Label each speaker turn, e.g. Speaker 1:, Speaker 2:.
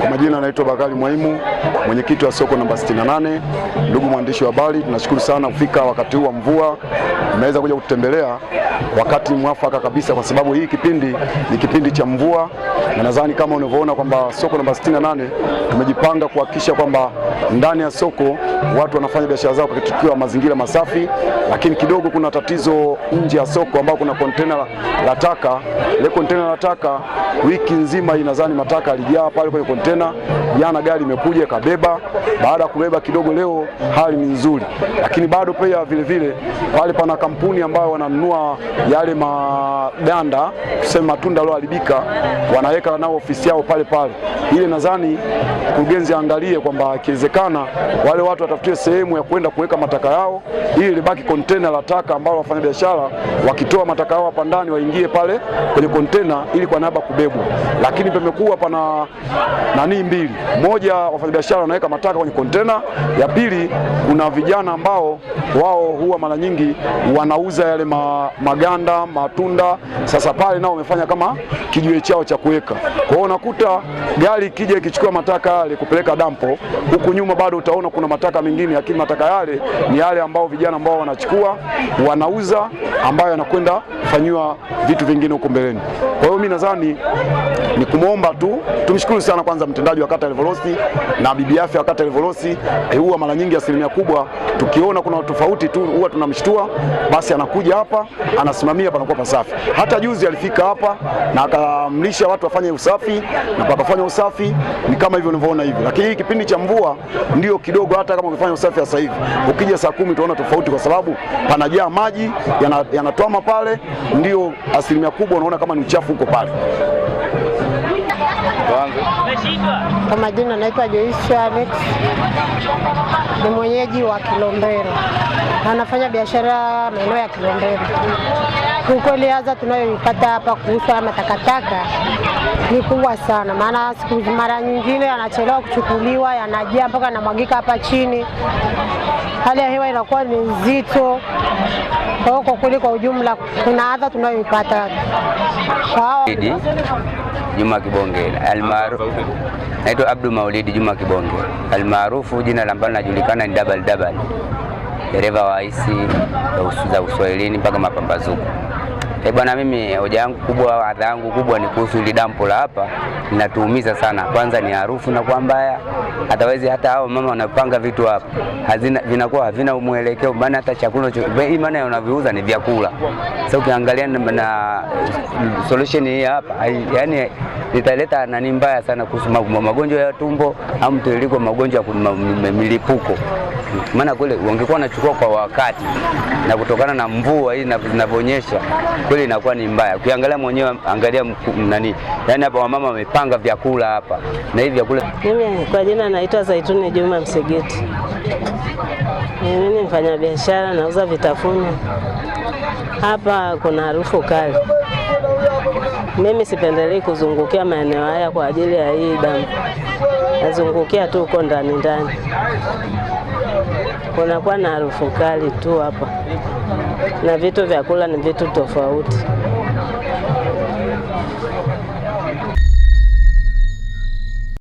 Speaker 1: Kwa majina anaitwa Bakari Mwaimu, mwenyekiti wa soko namba 68. Ndugu mwandishi wa habari, tunashukuru sana kufika wakati huu wa mvua, mmeweza kuja kututembelea wakati mwafaka kabisa, kwa sababu hii kipindi ni kipindi cha mvua, na nadhani kama unavyoona kwamba soko namba 68 tumejipanga kuhakikisha kwamba ndani ya soko watu wanafanya biashara zao katika mazingira masafi, lakini kidogo kuna tatizo nje ya soko ambao kuna kontena la taka. Ile kontena la taka wiki nzima inadhani mataka alijaa pale kwenye kontena. Jana gari imekuja ikabeba, baada ya kubeba kidogo, leo hali ni nzuri, lakini bado pia vilevile pale pana kampuni ambayo wananunua yale maganda, tuseme matunda yaliyoharibika, wanaweka nao ofisi yao pale pale. Ile nadhani mkurugenzi aangalie kwamba ikiwezekana wale watu watafutie sehemu ya kwenda kuweka mataka yao, ili libaki kontena la taka ambalo wafanyabiashara wakitoa mataka yao hapa ndani waingie pale kwenye kontena ili kwa naba kubebwa. Lakini pemekuwa pana nani mbili, moja wafanyabiashara wanaweka mataka kwenye kontena, ya pili kuna vijana ambao wao huwa mara nyingi wanauza yale ma, maganda matunda. Sasa pale nao wamefanya kama kijiwe chao cha kuweka. kwao, unakuta gari ikija ikichukua mataka yale kupeleka dampo, huku nyuma bado utaona kuna mataka miaka mingine, lakini mataka yale ni yale ambao vijana ambao wanachukua wanauza, ambayo yanakwenda kufanyiwa vitu vingine huko mbeleni. Kwa hiyo mimi nadhani ni kumwomba tu, tumshukuru sana kwanza mtendaji wa kata Levolosi na bibi afya wa kata Levolosi. Eh, huwa mara nyingi asilimia kubwa tukiona kuna tofauti tu huwa tunamshtua, basi anakuja hapa anasimamia, panakuwa pasafi. Hata juzi alifika hapa na akamlisha watu wafanye usafi na pakafanya usafi, ni kama hivyo unavyoona hivi, lakini hii kipindi cha mvua ndio kidogo hata kama umefanya usafi sasa hivi, ukija saa kumi utaona tofauti, kwa sababu panajaa maji yanatwama yana pale, ndio asilimia kubwa unaona kama ni uchafu huko pale.
Speaker 2: Kwa majina naitwa Joyce Alex, ni mwenyeji wa Kilombero anafanya biashara maeneo ya Kilombero. Kiukweli adha tunayoipata hapa kuhusu ama ni kubwa sana, maana siku mara nyingine yanachelewa kuchukuliwa, yanajaa mpaka yanamwagika hapa chini, hali ya hewa inakuwa ni nzito. Kwa hiyo kwa kweli, kwa ujumla, kuna adha tunayoipata
Speaker 3: kwa Juma Kibonge almaarufu naitwa Abdu Maulidi Juma Kibonge almaarufu jina ambalo najulikana ni double double, dereva wa hisi za Uswahilini mpaka mapambazuko. E bwana, mimi hoja yangu kubwa, adha yangu kubwa ni kuhusu hili dampo la hapa, linatuumiza sana. Kwanza ni harufu na kwa mbaya, hatawezi hata hao mama wanapanga vitu hapa hazina, vinakuwa havina mwelekeo, maana hata chakula maana wanaviuza ni vyakula. Sasa ukiangalia na solution hii hapa, yani italeta nani mbaya sana kuhusu magonjwa ya tumbo au mtiririko magonjwa ya milipuko maana kule wangekuwa wanachukua kwa wakati, na kutokana na mvua hii zinavyoonyesha kule inakuwa ni mbaya. Ukiangalia mwenyewe, angalia nani, yaani hapa wamama wamepanga vyakula hapa na hivi vyakula.
Speaker 4: Mimi kwa jina naitwa Zaituni Juma Msegeti. Mimi ni mfanyabiashara, nauza vitafunwa hapa. Kuna harufu kali. Mimi sipendelei kuzungukia maeneo haya kwa ajili ya hii damu, nazungukia tu huko ndani ndani kunakuwa na harufu kali tu hapa, na vitu vya kula ni vitu tofauti.